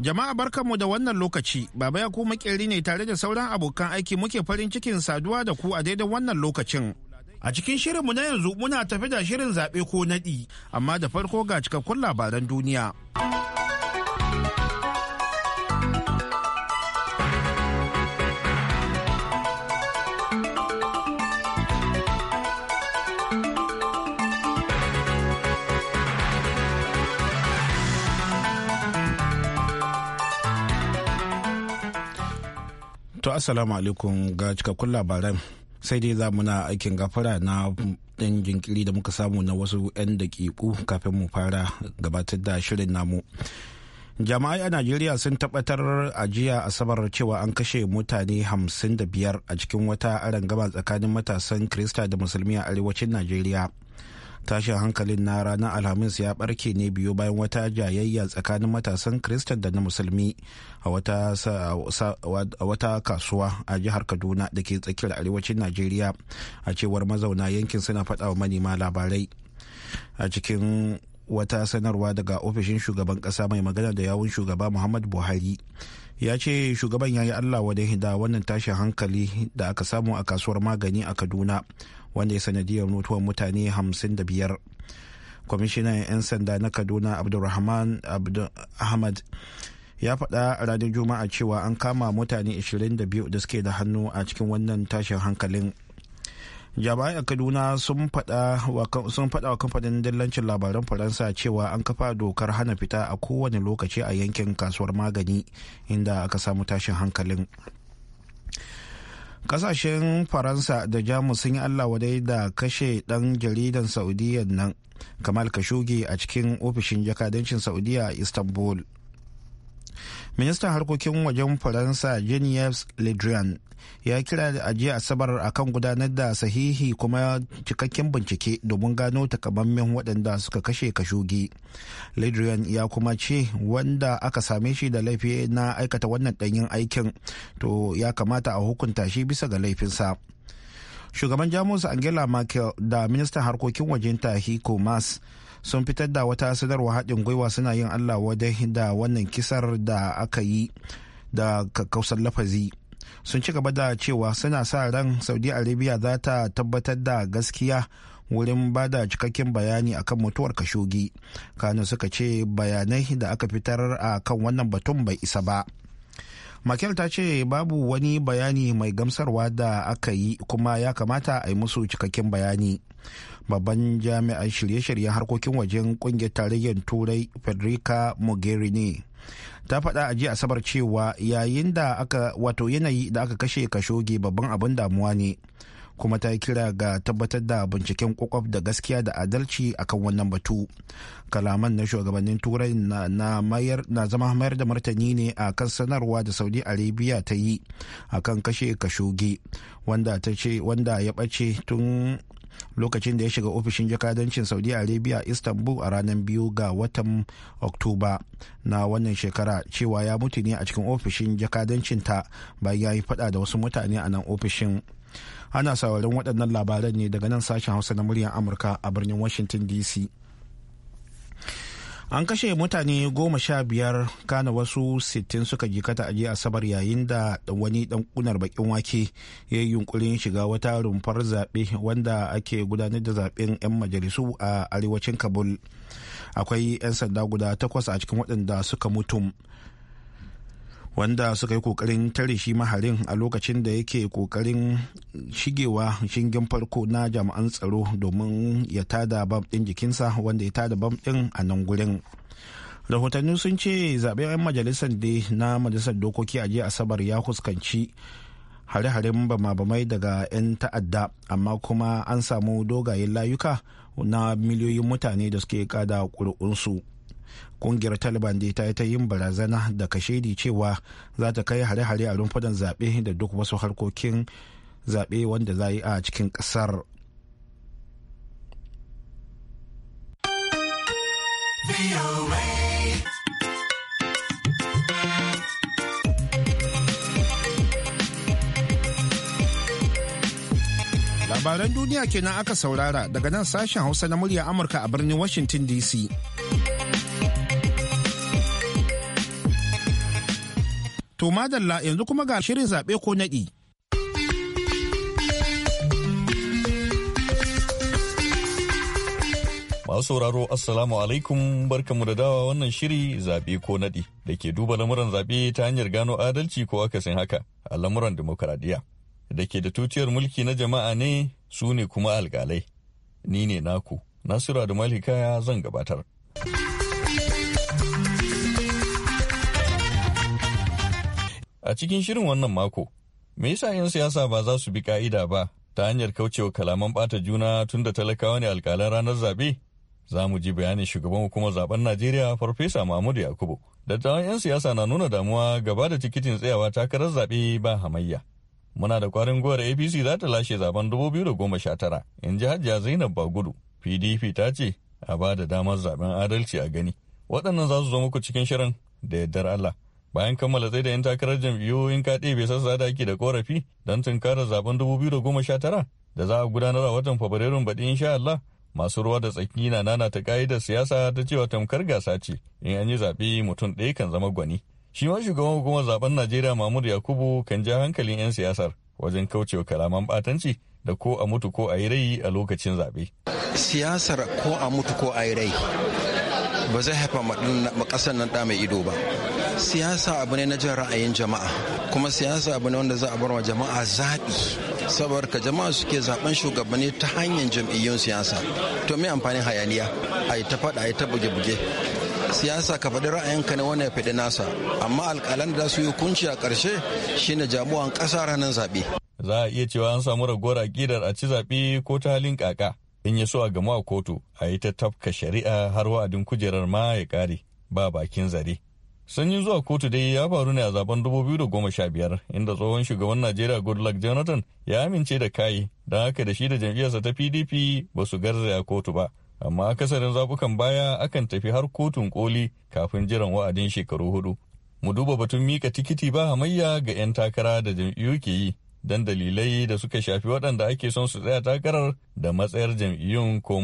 Jama'a mu da wannan lokaci, Baba ya ku makeri ne tare da sauran abokan aiki muke farin cikin saduwa da ku a daidai wannan lokacin. A cikin shirin mu na yanzu muna tafi da shirin zaɓe ko naɗi, amma da farko ga cikakkun labaran duniya. assalamu alaikum ga cikakkun labaran sai dai za mu na aikin gafara na ɗan jinkiri da muka samu na wasu 'yan daƙiƙu kafin mu fara gabatar da shirin namu jama'ai a najeriya sun tabbatar a jiya asabar cewa an kashe mutane 55 a cikin wata gama tsakanin matasan krista da musulmi a arewacin najeriya tashin hankalin na ranar alhamis ya barke ne biyu bayan wata jayayya tsakanin matasan kristan da na musulmi a wata kasuwa a jihar kaduna da ke tsakiyar arewacin najeriya a cewar mazauna yankin suna faɗa wa manema labarai a cikin wata sanarwa daga ofishin shugaban kasa mai magana da yawun shugaba muhammad buhari ya ce shugaban ya yi allah wadai da wannan tashin hankali da aka samu a kasuwar magani a kaduna wanda ya sanadiyar mutuwar mutane 55 kwamishinan 'yan sanda na kaduna abdulrahman ahmad ya faɗa a ranar juma'a cewa an kama mutane 22 da suke da hannu a cikin wannan tashin hankalin jami'ai a kaduna sun faɗa wa kamfanin dillancin labaran faransa cewa an kafa dokar hana fita a kowane lokaci a yankin kasuwar magani inda aka samu tashin hankalin kasashen faransa da jamus sun yi allah wadai da kashe dan jaridan saudiya nan kamal kashoge a cikin ofishin jakadancin saudiya a istanbul ministan harkokin wajen faransa genevieve le ya kira da ajiya asabar a kan gudanar da sahihi kuma cikakken bincike domin gano takamammen waɗanda suka kashe kashogi lidrian ya kuma ce wanda aka same shi da laifi na aikata wannan ɗanyen aikin to ya kamata a hukunta shi bisa ga laifinsa shugaban jamus angela merkel da ministan harkokin wajen tahiko mas sun fitar da wata sadarwa haɗin gwiwa suna yin allah wadai da wannan kisar da aka yi da kakkausar lafazi sun ci gaba da cewa suna sa ran saudi arabia za ta tabbatar da gaskiya wurin ba da cikakken bayani akan mutuwar kashogi kano suka ce bayanai da aka fitar a kan wannan batun bai isa ba makel ta ce babu wani bayani mai gamsarwa da aka yi kuma ya kamata a yi musu cikakken bayani babban jami'ar shirye-shiryen harkokin wajen kungiyar tarayyar turai federica mogherini ta faɗa a jiya asabar cewa yayin da aka wato yanayi da aka kashe kashoge babban abin damuwa ne kuma ta yi kira ga tabbatar da binciken kwakwaf da gaskiya da adalci akan wannan batu kalaman na shugabannin turai na, zama mayar da martani ne a kan sanarwa da saudi arabia ta yi a kan kashe kashoge wanda ta ce wanda ya ɓace tun lokacin da ya shiga ofishin jakadancin saudi arabia istanbul a ranar biyu ga watan oktoba na wannan shekara cewa ya mutu ne a cikin ofishin jakadancinta bayan ya yi fada da wasu mutane a nan ofishin ana sauraron waɗannan labaran ne daga nan sashen hausa na muryar amurka a birnin washington dc an kashe mutane goma sha biyar kana wasu sittin suka jikata a asabar yayin da wani dan kunar bakin wake ya yi yunkurin shiga wata rumfar zaɓe wanda ake gudanar da zaɓen 'yan majalisu a arewacin kabul akwai 'yan sanda guda takwas a cikin waɗanda suka mutum wanda suka yi kokarin tare shi maharin a lokacin da yake kokarin shigewa shingen farko na jami'an tsaro domin ya tada bam ɗin jikinsa wanda ya tada bam ɗin a nan gurin rahotanni sun ce zaɓen 'yan majalisar da na majalisar dokoki a jiya asabar ya fuskanci hare-haren bama-bamai daga 'yan ta'adda amma kuma an samu dogayen layuka na miliyoyin mutane da suke kada ƙuri'unsu. kungiyar taliban dai ta yi ta yin barazana da kashedi cewa za ta kai hare-hare a rumfunan zaɓe da duk wasu harkokin zaɓe wanda za yi a cikin ƙasar labaran duniya kenan aka saurara daga nan sashen hausa na murya amurka a birnin washington dc To madalla yanzu kuma ga shirin zaɓe ko naɗi. Masu sauraro Assalamu alaikum barkamu da dawa wannan shiri zaɓe ko naɗi da ke duba lamuran zaɓe ta hanyar gano adalci ko akasin haka a lamuran demokaradiyya da ke da tutiyar mulki na jama'a ne su ne kuma alƙalai. Ni ne naku, Nasiru Adamu zan gabatar. A cikin shirin wannan mako, me yasa 'yan siyasa ba za su bi ka'ida ba ta hanyar kaucewa kalaman ɓata juna tun da talakawa ne alƙalan ranar zaɓe? Za mu ji bayanin shugaban hukumar zaɓen Najeriya Farfesa Mahmudu Yakubu. Dattawan 'yan siyasa na nuna damuwa gaba da tikitin tsayawa takarar zaɓe ba hamayya. Muna da kwarin gowar APC za ta lashe zaben tara. in ji Hajiya Zainab Bagudu. PDP ta ce a ba da damar zaɓen adalci a gani. Waɗannan za su zo muku cikin shirin da yardar Allah. bayan kammala sai da 'yan takarar jam'iyyu in ka ɗebe sassa da ake da korafi don tunkarar zaben 2019 da za a gudanar a watan fabrairun baɗi insha Allah masu ruwa da tsaki na nana ta da siyasa ta cewa tamkar gasa ce in an yi zaɓe mutum ɗaya kan zama gwani shi ma shugaban hukumar zaben najeriya mahmud yakubu kan ja hankalin 'yan siyasar wajen kaucewa kalaman batanci da ko a mutu ko a yi rai a lokacin zaɓe. siyasar ko a mutu ko a yi rai ba zai haifa ma ƙasar nan ɗa mai ido ba siyasa abu ne na jin ra'ayin jama'a kuma siyasa abu ne wanda za a bar wa jama'a zaɓi saboda jama'a suke zaben shugabanni ta hanyar jam'iyyun siyasa to me amfanin hayaniya a yi ta faɗa a ta buge-buge siyasa ka faɗi ra'ayinka ne wani ya faɗi nasa amma alƙalan da su yi kunci a ƙarshe shine jamuwan ƙasa ranar zaɓe. za a iya cewa an samu ragowar aƙidar a ci zaɓe ko ta halin ƙaƙa in ya so a gama a kotu a yi ta tafka shari'a har wa'adin kujerar ma ya kare ba bakin zare Sanyin zuwa kotu dai ya faru ne a zaben 2015 inda tsohon shugaban Najeriya Goodluck Jonathan ya amince da kayi don haka da shi da jam'iyyarsa ta PDP ba su garzaya kotu ba. Amma akasarin zabukan baya akan tafi har kotun koli kafin jiran wa'adin shekaru hudu. Mu duba batun mika tikiti ba hamayya ga 'yan takara da jam'iyyu ke yi don dalilai da suka shafi waɗanda ake son su tsaya takarar da matsayar jam'iyyun ko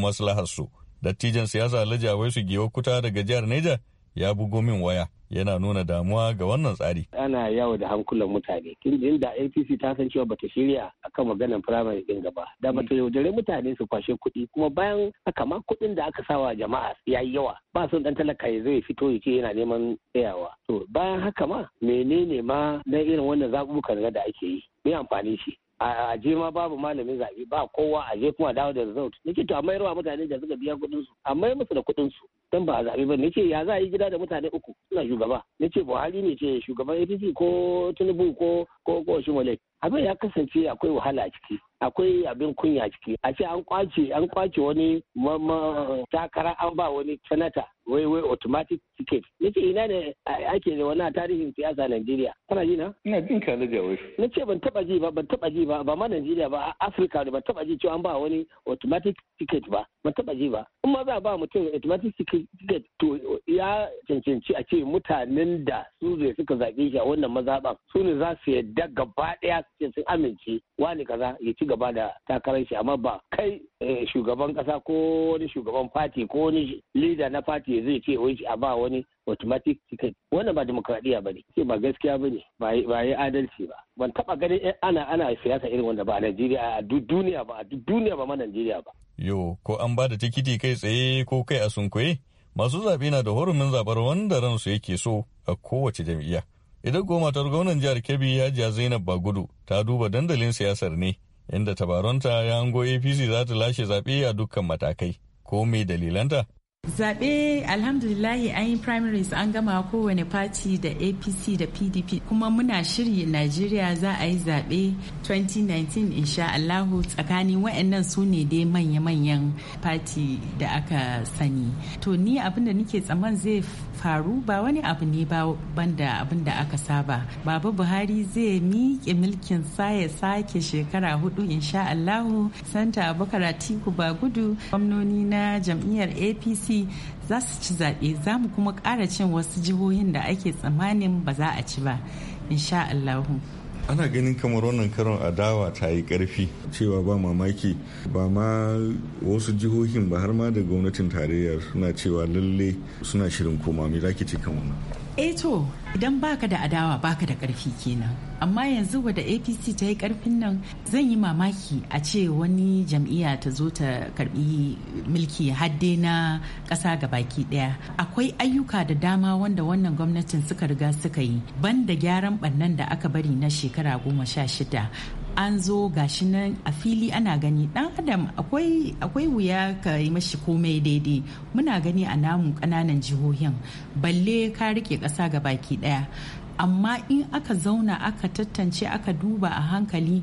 su Dattijan siyasa Alhaji su Giwa Kuta daga jihar Neja ya bugo min waya yana nuna damuwa ga wannan tsari. Ana yawo da hankulan mutane. Kin da APC ta san cewa bata shirya akan maganar firamare din gaba. Da bata yaudare mutane su kwashe kuɗi kuma bayan haka ma kuɗin da aka sawa jama'a ya yi yawa. Ba son dan talaka ya zai fito ya ce yana neman tsayawa. To bayan haka ma menene ma na irin wannan zaɓuɓɓukan da ake yi. Me amfani shi? a je babu malamin zaɓe ba kowa a je kuma dawo da result nake to a mayar wa mutane da suka biya kuɗin su amma mayar musu da kuɗin su dan ba a zaɓe ba nake ya za a yi gida da mutane uku suna shugaba nace Buhari ne ce shugaban APC ko Tinubu ko ko ko Shimole abin ya kasance akwai wahala a ciki akwai abin kunya ciki a ce an kwace an kwace wani takara an ba wani sanata wai wai automatic ticket nace ina ne ake da wani tarihin siyasa Najeriya kana ji na ina jin ka da wai nace ban taba ji ba ban taba ji ba ba ma Najeriya ba Africa ne ban taba ji cewa an ba wani automatic ticket ba ban taba ji ba in ma za ba mutum automatic ticket to ya cancanci a ce mutanen da su zai suka zaɓe shi a wannan mazaɓan su ne za su yadda gaba ɗaya su ce sun amince wani kaza ya ci gaba da takarar shi amma ba kai eh, shugaban kasa ko wani shugaban fati ko wani leader na fati zai ce wai a ba wani automatic ticket wannan ba demokradiya bane ce ba gaskiya bane ba yi adalci ba ban taba ganin eh, ana ana siyasa irin wanda ba a Najeriya a duk duniya ba a duniya ba ma Najeriya ba yo ko an ba da tikiti kai tsaye ko kai a sunkuye masu zaɓe na da hurumin zabar wanda ransu yake so a kowace jam'iyya idan goma ta gwamnan jihar kebbi jiya zainab bagudu ta duba dandalin siyasar ne inda tabaronta ya hango apc za ta lashe zaɓe a dukkan matakai ko mai dalilanta zaɓe alhamdulillahi an yi primaries an gama kowane party da apc da pdp kuma muna shirye najeriya za a yi zaɓe 2019 insha allahu tsakanin wa'annan su ne dai manya-manyan party da aka sani to ni abinda nike tsaman zai faru ba wani abu ne ba banda abinda aka saba baba buhari zai miƙe mulkin sa ya sake shekara hudu insha allahu santa abubakar ba gudu gwamnoni na jam'iyyar apc hankali za su ci zaɓe za mu kuma ƙara cin wasu jihohin da ake tsammanin ba za a ci ba insha Allahu. ana ganin kamar wannan karon adawa ta yi karfi cewa ba mamaki ba ma wasu jihohin ba har ma da gwamnatin tarayya suna cewa lalle suna shirin koma me zaki ce kan wannan eh to idan baka da adawa baka da karfi kenan amma yanzu wadda apc ta yi karfin nan zan yi mamaki a ce wani jam'iyya ta zo ta karbi mulki hadde na ƙasa baki ɗaya akwai ayyuka da dama wanda wannan gwamnatin suka riga suka yi ban da gyaran bannan da aka bari na shekara goma sha shida an zo gashi nan a fili ana gani dan adam akwai wuya ka yi mashi komai daidai muna gani a namu kananan jihohin balle ka rike kasa ga baki daya amma in aka zauna aka tattance aka duba a hankali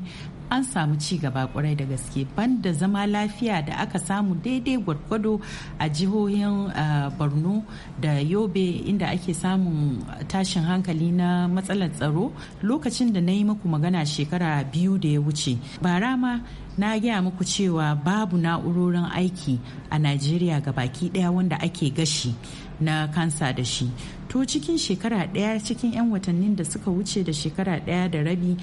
an samu ci gaba kwarai da gaske banda zama lafiya da aka samu daidai gwargwado a jihohin uh, borno da yobe inda ake samun tashin hankali na matsalar tsaro lokacin da na yi muku magana shekara biyu da ya wuce bara ma na gaya muku cewa babu na'urorin aiki a najeriya ga baki daya wanda ake gashi na kansa da shi to cikin shekara daya cikin 'yan watannin da suka wuce da shekara daya da rabi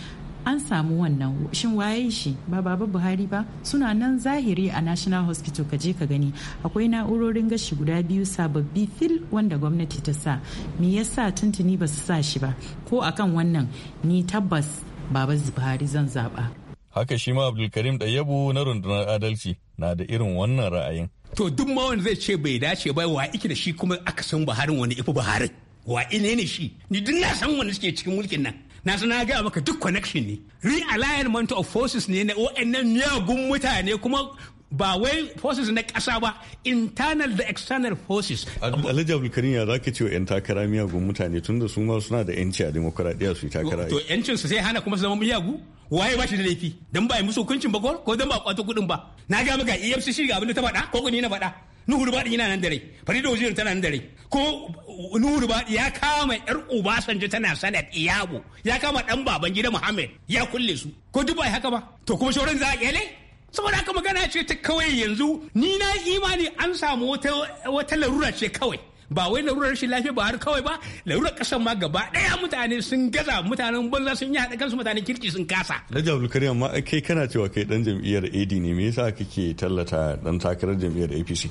an samu wannan shin waye shi ba baba buhari ba suna nan zahiri a national hospital ka je ka gani akwai na'urorin gashi guda biyu sababbi fil wanda gwamnati ta sa me yasa tuntuni ba su sa shi ba ko akan wannan ni tabbas baba buhari zan zaba haka shi ma abdulkarim ɗayyabu na rundunar adalci na da irin wannan ra'ayin to duk ma wanda zai ce bai dace ba wa iki da shi kuma aka san buharin wani ifi buharin wa ine ne shi ni duk na san wanda suke cikin mulkin nan na sana gaya maka duk connection ne realignment of forces ne na wa'annan miyagun mutane kuma ba wai forces na ƙasa ba internal da external forces. Alhaji Abdulkarim ya zaka ce yan takara miyagun mutane tunda su ma suna da yanci a demokuraɗiyya su yi takara. To yancin su sai hana kuma su zama miyagu waye ba shi da laifi dan ba yi musu hukuncin ba ko dan ba kwato kuɗin ba. Na ga maka EFCC ga abin da ta faɗa ko ni na faɗa. Nuhu Rubadi yana nan da rai, Farida tana nan da Ko Nuhu Baɗi ya kama yar Obasanjo tana Sanat Iyabo, ya kama ɗan baban gida Muhammad ya kulle su. Ko duk ba haka ba? To kuma shauran za a kyale? Saboda haka magana ce ta kawai yanzu ni na imani an samu wata larura ce kawai. ba wai larurar rashin lafiya ba har kawai ba larurar kasan ma gaba ɗaya mutane sun gaza mutanen banza sun yi haɗa kansu mutanen kirki sun kasa. Jabul Abdulkari ma kai kana cewa kai ɗan jam'iyyar AD ne me yasa kake tallata ɗan takarar jam'iyyar APC?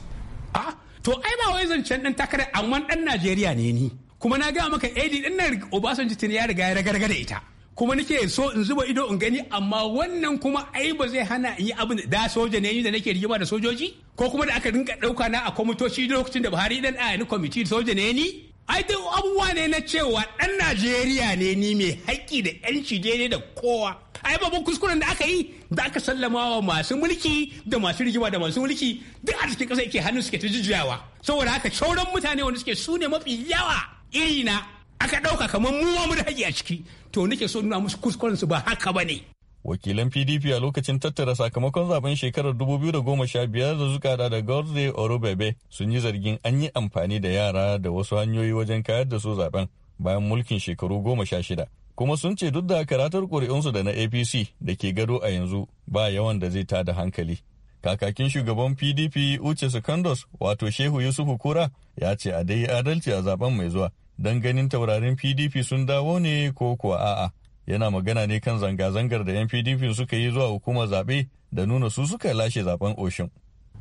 a to ai ba wai zancen dan takarar amma dan najeriya ne ni kuma na gaya maka ad din nan obasanjo tin ya riga ya ragarga da ita kuma nake so in zuba ido in gani amma wannan kuma ai ba zai hana in yi abin da soja ne ni da nake rigima da sojoji ko kuma da aka rinka dauka na a kwamitoci lokacin da Buhari dan a ni kwamiti soja ne ni ai duk abubuwa ne na cewa dan Najeriya ne ni mai haƙƙi da yanci daidai da kowa ai babban kuskuren da aka yi da aka sallama wa masu mulki da masu rigima da masu mulki duk a cikin ƙasa yake hannu suke ta saboda haka sauran mutane wanda suke sune mafi yawa iri na aka ɗauka kamar mu wa da haƙi a ciki to nake so nuna musu kuskuren su ba haka bane. ne. wakilan pdp a lokacin tattara sakamakon zaben shekarar 2015 da suka da gorze orobebe sun yi zargin an yi amfani da yara da wasu hanyoyi wajen kayar da su zaben bayan mulkin shekaru goma sha shida kuma sun ce duk da karatar ƙuri'unsu da na apc da ke gado a yanzu ba yawan da zai tada hankali kakakin shugaban pdp uche secondos wato shehu yusufu kura ya ce a dai adalci a zaben mai zuwa don ganin taurarin pdp sun dawo ne ko kuwa a'a yana magana ne kan zanga-zangar da 'yan pdp suka yi zuwa hukumar zaɓe da nuna su suka lashe zaben oshin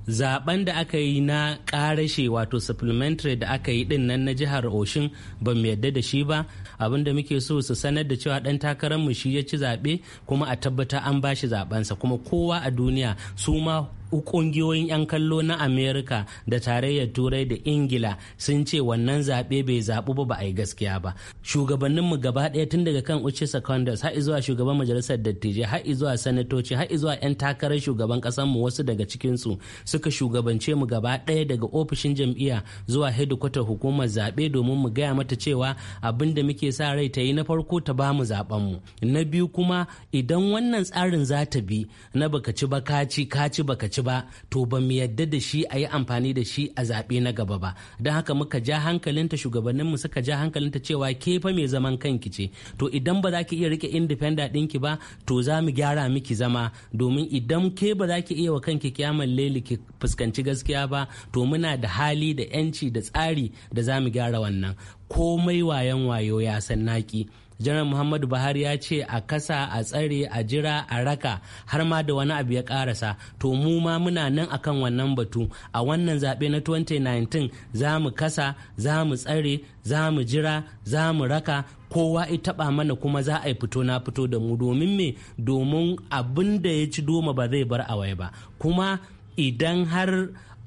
zaben da aka yi na karashe wato supplementary da aka yi din nan na jihar oshin ba mu yadda da shi ba abinda muke so su sanar da cewa dan takarar mu shi ya ci zaɓe kuma a tabbata an bashi zabensa kuma kowa a duniya su ma kungiyoyin 'yan kallo na amerika da tarayyar turai da ingila sun ce wannan zaɓe bai zaɓu ba ba a yi gaskiya ba shugabanninmu gaba ɗaya tun daga kan uce secondus har zuwa shugaban majalisar dattijai har zuwa sanatoci har zuwa 'yan takarar shugaban ƙasarmu wasu daga cikinsu suka shugabance mu gaba ɗaya daga ofishin jam'iyya zuwa hedikwatar hukumar zaɓe domin mu gaya mata cewa abin da muke sa rai ta yi na farko ta ba mu mu na biyu kuma idan wannan tsarin za ta bi na baka ci ba ka ci ka ci baka ci ci ba to ba mu yadda da shi a yi amfani da shi a zaɓe na gaba ba don haka muka ja hankalinta shugabanninmu suka ja hankalinta cewa ke fa mai zaman kanki ce to idan ba za ki iya rike independent ɗinki ba to za mu gyara miki zama domin idan ke ba za ki iya wa kanki kyaman leli ki fuskanci gaskiya ba to muna da hali da 'yanci da tsari da za mu gyara wannan komai wayan wayo ya san naki janar muhammadu buhari ya ce a kasa a tsare a jira a raka har ma da wani abu ya karasa to mu ma muna nan akan wannan batu a wannan zaɓe na 2019 za mu kasa za mu tsare za mu jira za mu raka kowa ya taba mana kuma za a yi fito na fito da mu domin me domin abin da ya ci doma ba zai bar a ba kuma idan har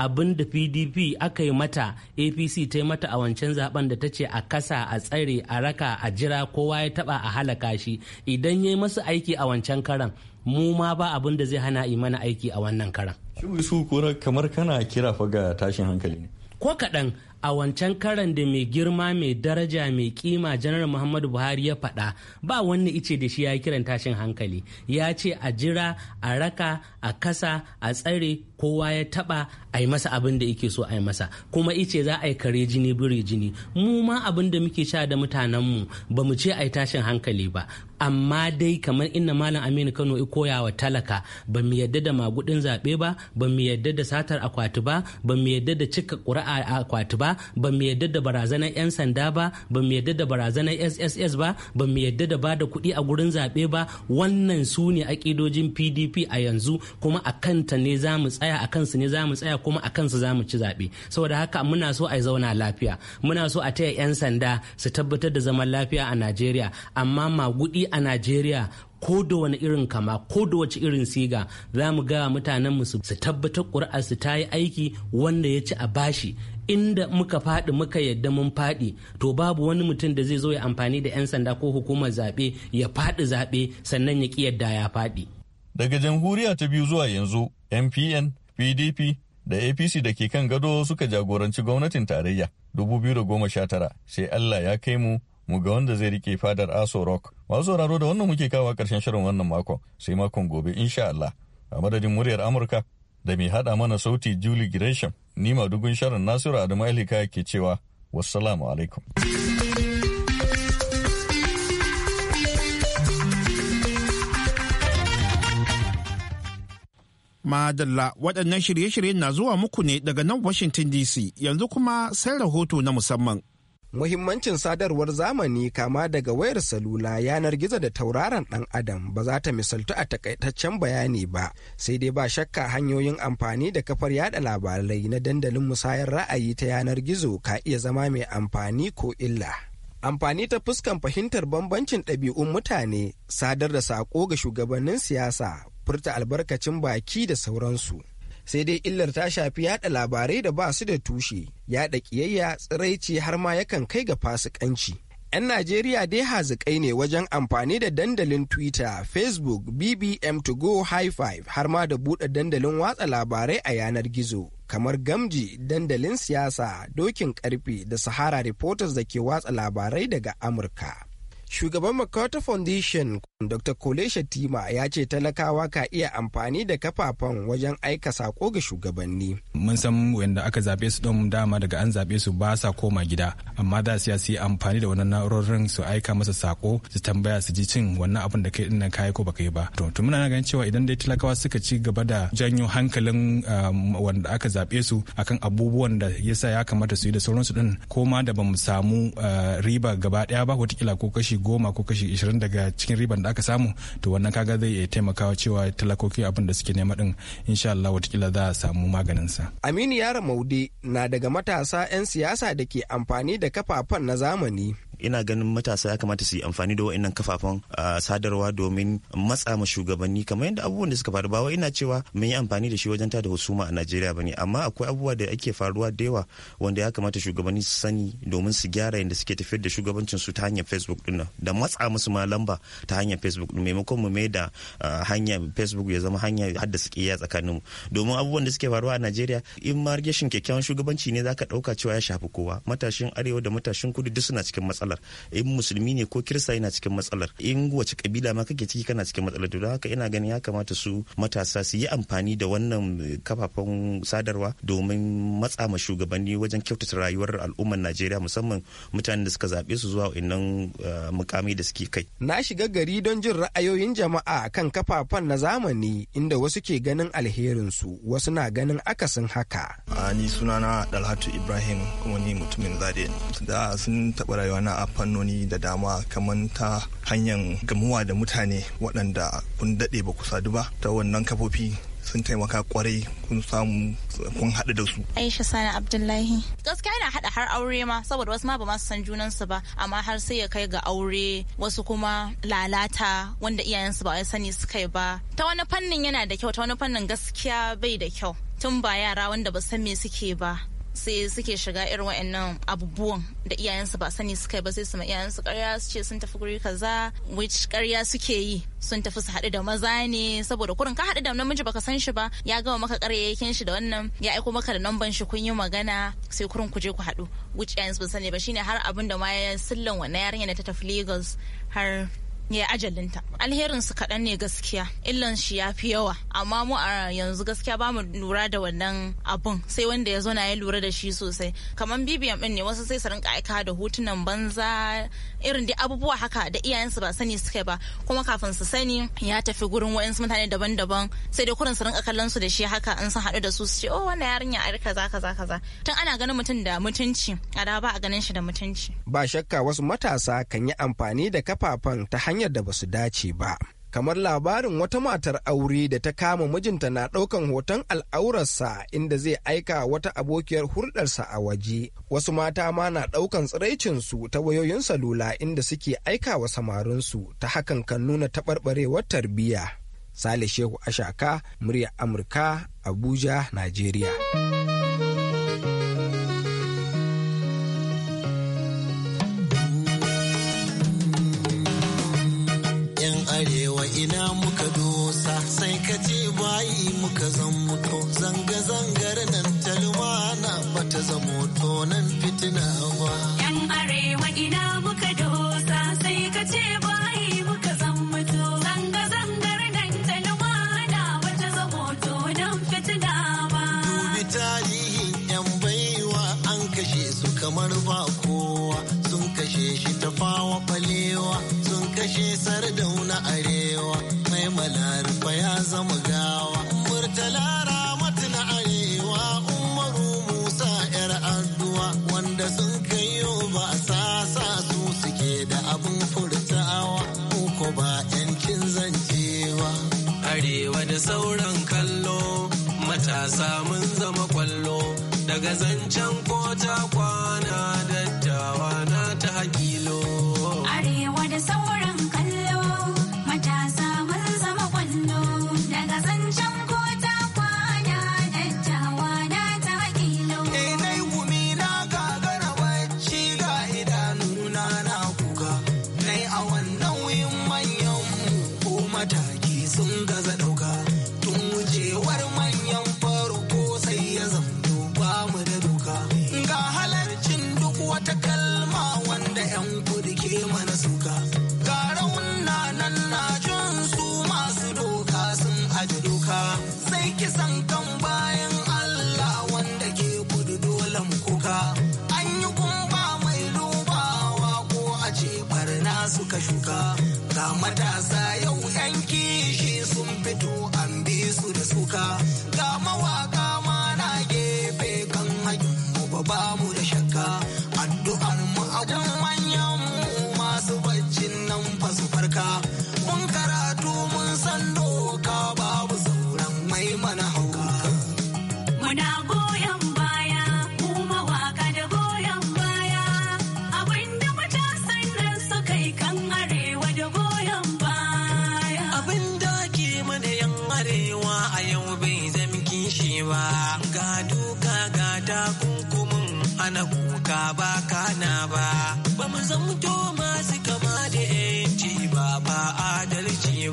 abin da pdp aka yi mata apc ta yi mata a wancan zaben da ta ce a kasa a tsare a raka a jira kowa ya taba a halaka shi idan ya yi masu aiki a wancan karan mu ma ba abin da zai hana yi mana aiki a wannan karan. Shi su kamar kana kira fa ga tashin hankali ne. Ko kaɗan a wancan karan da mai girma mai daraja mai kima janar muhammadu buhari ya faɗa ba wanne ice da shi ya kiran tashin hankali ya ce a jira a raka a kasa a tsare kowa ya taba a yi masa abin da yake so a yi masa kuma ice za a yi kare jini biri jini mu ma abin da muke sha da mutanenmu ba mu ce a yi tashin hankali ba amma dai kamar inna malam aminu kano i koya wa talaka ba mu yadda da magudin zaɓe ba ba mu yadda da satar akwati ba ba mu yadda da cika ƙuri'a a akwati ba ba mu yadda da barazanar 'yan sanda ba ba mu yadda da barazanar sss ba ba mu yadda da bada kuɗi a gurin zaɓe ba wannan su ne aƙidojin pdp a yanzu kuma a kanta ne za mu tsaya a kansu ne za mu tsaya kuma a kansu za mu ci zaɓe saboda haka muna so a zauna lafiya muna so a taya 'yan sanda su tabbatar da zaman lafiya a najeriya amma magudi a najeriya ko da wani irin kama ko da wace irin siga za mu ga mutanen mu su tabbatar ƙuri'ar su ta yi aiki wanda ya ci a bashi inda muka faɗi muka yadda mun faɗi to babu wani mutum da zai zo ya amfani da 'yan sanda ko hukumar zaɓe ya faɗi zaɓe sannan ya ƙi yadda ya faɗi. daga jamhuriya ta biyu zuwa yanzu mpn pdp da apc da ke kan gado suka jagoranci gwamnatin tarayya 2019 sai allah ya kai mu mu ga wanda zai rike fadar aso rock masu sauraro da wannan muke kawo karshen shirin wannan makon sai makon gobe insha Allah a madadin muryar amurka da mai haɗa mana sauti julie gresham ni ma madugun shirin nasiru adamu alika ke cewa wassalamu alaikum Madalla waɗannan shirye-shiryen na zuwa muku ne daga nan Washington DC yanzu kuma sai rahoto na musamman. muhimmancin sadarwar zamani kama daga wayar salula yanar gizo da tauraron dan adam ba za ta misaltu a takaitaccen bayani ba sai dai ba shakka hanyoyin amfani da kafar yada labarai na dandalin musayar ra'ayi ta yanar gizo ka iya zama mai amfani ko illa amfani ta fuskan fahimtar bambancin ɗabi'un mutane sadar da saƙo ga shugabannin siyasa furta albarkacin baki da sauransu sai dai illar ta shafi yada labarai da ba su da tushe yada kiyayya tsiraici har ma yakan kai ga fasikanci 'yan najeriya dai hazikai ne wajen amfani da dandalin twitter facebook bbm to go high five har ma da buɗe dandalin watsa labarai a yanar gizo kamar gamji dandalin siyasa dokin karfe da sahara reporters da ke watsa labarai daga amurka Shugaban Makata Foundation Dr. Kole Shatima ya ce talakawa ka iya amfani da kafafen wajen aika sako ga shugabanni. Mun san wanda aka zaɓe su don dama daga an zaɓe su ba sa koma gida amma da su yi amfani da wannan na'urorin su aika masa sako su tambaya su ji cin wannan abin da kai dinnan kai ko baka yi ba. To tun muna ganin cewa idan dai talakawa suka ci gaba da janyo hankalin um, wanda aka zaɓe su akan abubuwan da yasa ya kamata su yi da sauransu din koma ma da bamu samu uh, riba gaba daya ba kila ko kashi goma ko kashi ishirin daga cikin riban da aka samu to wannan kaga zai iya taimakawa cewa talakoki abin da suke nema din insha Allah watakila za a samu maganin sa. Aminu Yara Maude na daga matasa 'yan siyasa da ke amfani da kafafen na zamani ina ganin matasa ya kamata su yi amfani da wa'annan kafafen sadarwa domin matsa ma shugabanni kamar yadda abubuwan da suka faru ba wai ina cewa mun yi amfani da shi wajen tada husuma a Najeriya bane amma akwai abubuwa da ake faruwa da yawa wanda ya kamata shugabanni su sani domin su gyara yadda suke tafiyar da shugabancin su ta hanyar Facebook din da matsa musu ma lamba ta hanyar Facebook din maimakon mu mai da hanya Facebook ya zama hanya haddasa kiyaye tsakanin mu domin abubuwan da suke faruwa a Najeriya in ma rashin kyakkyawan shugabanci ne zaka dauka cewa ya shafi kowa matashin arewa da matashin kudu duk suna cikin matsala matsalar in musulmi ne ko kirista yana cikin matsalar in wace kabila ma kake ciki kana cikin matsalar to haka ina ganin ya kamata su matasa su yi amfani da wannan kafafen sadarwa domin matsa ma shugabanni wajen kyautata rayuwar al'ummar Najeriya musamman mutanen da suka zaɓe su zuwa innan eh, mukami da suke kai. Na shiga gari don jin ra'ayoyin jama'a kan kafafen na zamani inda wasu ke ganin alherinsu wasu na ganin akasin haka. ni sunana Dalhatu Ibrahim kuma ni mutumin zade da sun taba rayuwa na a fannoni da dama kamar ta hanyar gamuwa da mutane waɗanda kun daɗe ba ku sadu ba ta wannan kafofi sun taimaka kwarai kun samu kun haɗu da su. Aisha Sani Abdullahi. Gaskiya yana haɗa har aure ma saboda wasu ma ba ma san junansu ba amma har sai ya kai ga aure wasu kuma lalata wanda iyayensu ba wai sani suka yi ba. Ta wani fannin yana da kyau ta wani fannin gaskiya bai da kyau. Tun ba yara wanda ba san me suke ba. sai suke shiga irin wa'annan abubuwan da iyayensu ba sani suka yi ba sai su ma iyayensu karya su ce sun tafi guri kaza which karya suke yi sun tafi su haɗu da maza ne saboda kurin ka haɗu da namiji baka san shi ba ya gama maka ƙaryayyakin shi da wannan ya aiko maka da namban shi kun yi magana sai kurin ku je ku haɗu which iyayensu ba sani ba shine har abin da ma ya sillan wannan yarinya da ta tafi Lagos har ya ajalinta alherin su kaɗan ne gaskiya illan shi ya fi yawa amma mu a yanzu gaskiya ba mu lura da wannan abun sai wanda ya zo na ya lura da shi sosai kamar bibiyan ɗin ne wasu sai su rinka aika da hotunan banza irin da abubuwa haka da iyayensu ba sani suka ba kuma kafin su sani ya tafi gurin wa'insu mutane daban-daban sai dai kurin su rinka kallon su da shi haka in sun haɗu da su su ce oh wannan yarinya a kaza kaza kaza tun ana ganin mutum da mutunci a da ba a ganin shi da mutunci ba shakka wasu matasa kan yi amfani da kafafen ta hanyar hanyar da ba su dace ba. kamar labarin wata matar aure da ta kama mijinta na ɗaukan hoton al'aurarsa inda zai aika wata abokiyar hurɗarsa a waje wasu mata ma na ɗaukan tsiraicinsu ta wayoyin salula inda suke aika wa samarinsu ta hakan kan nuna taɓarɓarewar tarbiyya sale shehu ashaka murya amurka abuja najeriya ina muka dosa sai ka ce bayi muka zan muto zanga-zangar nan talmana bata zamo to nan fitina ba. Yan arewa ina muka dosa sai ka ce bayi muka zan muto zanga-zangar nan talmana bata zamo to nan fitina ba. Dubi tarihin yan baiwa an kashe su kamar ba kowa sun kashe shi ta fawa sun kashe sana zama gawa murtala ramatu na arewa umaru musa yar addu'a wanda sun kai ba sa sa su suke da abin furtawa ko ba yancin zancewa arewa da sauran kallo matasa mun zama kwallo daga zancen san kan bayan Allah wanda ke kudu dolan kuka. An yi gumba mai dubawa ko a ce barna suka shuka. Ga matasa yau yan kishi sun fito an bi su da suka. Ga mawaƙa ma na gefe kan hajjin ba mu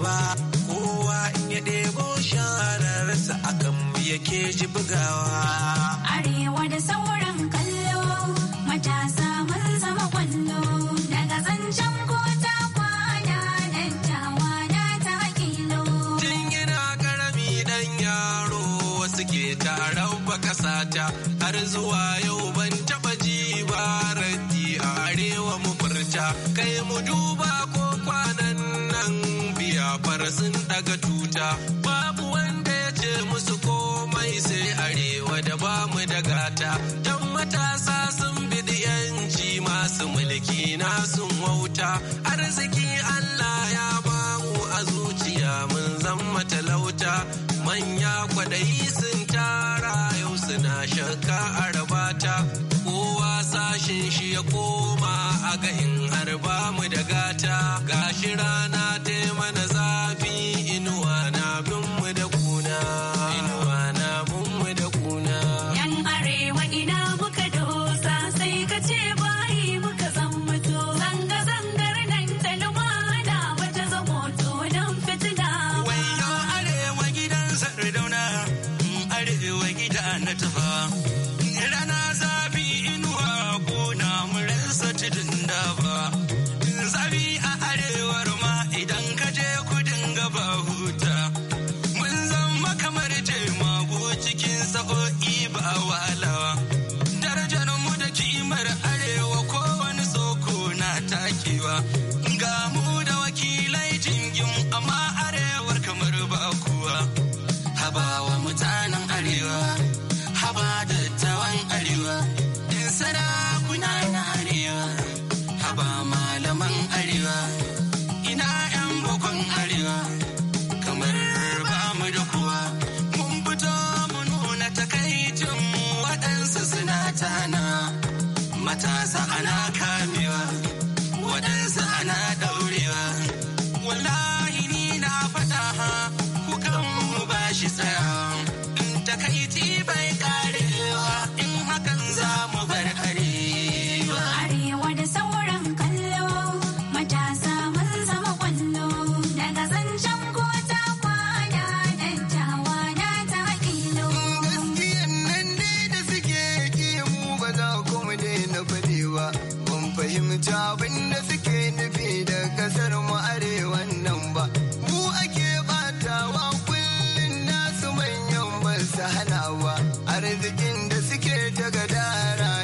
ba kowa in ya debo shahararsa akan mu yake ji bugawa arewa da sauran kallo matasa mun zama kwallo daga zancen kota kwana kwana tawa na ta hakilo tun yana karami dan yaro wasu ke taron baka sata har zuwa yau garba up. ta hanawa arzikin da suke daga gadara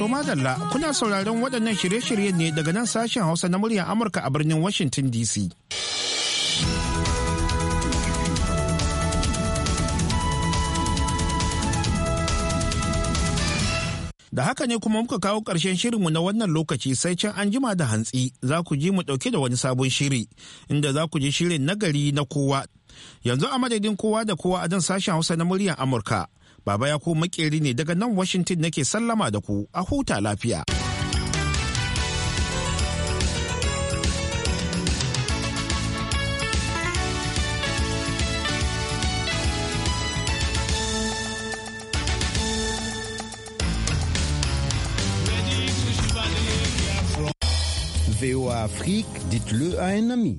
To madalla kuna sauraron waɗannan shirye-shirye ne daga nan sashen Hausa na muryar Amurka a birnin Washington DC. Da haka ne kuma muka kawo ƙarshen shirinmu na wannan lokaci sai can an jima da hantsi za ku ji mu ɗauke da wani sabon shiri inda za ku ji shirin nagari na kowa. Yanzu a madadin kowa da kowa a dan sashen Hausa na muryar Amurka. Baba ya ko makeri ne daga nan Washington nake sallama da ku a huta lafiya. VOA Afrique, dites-le à un ami.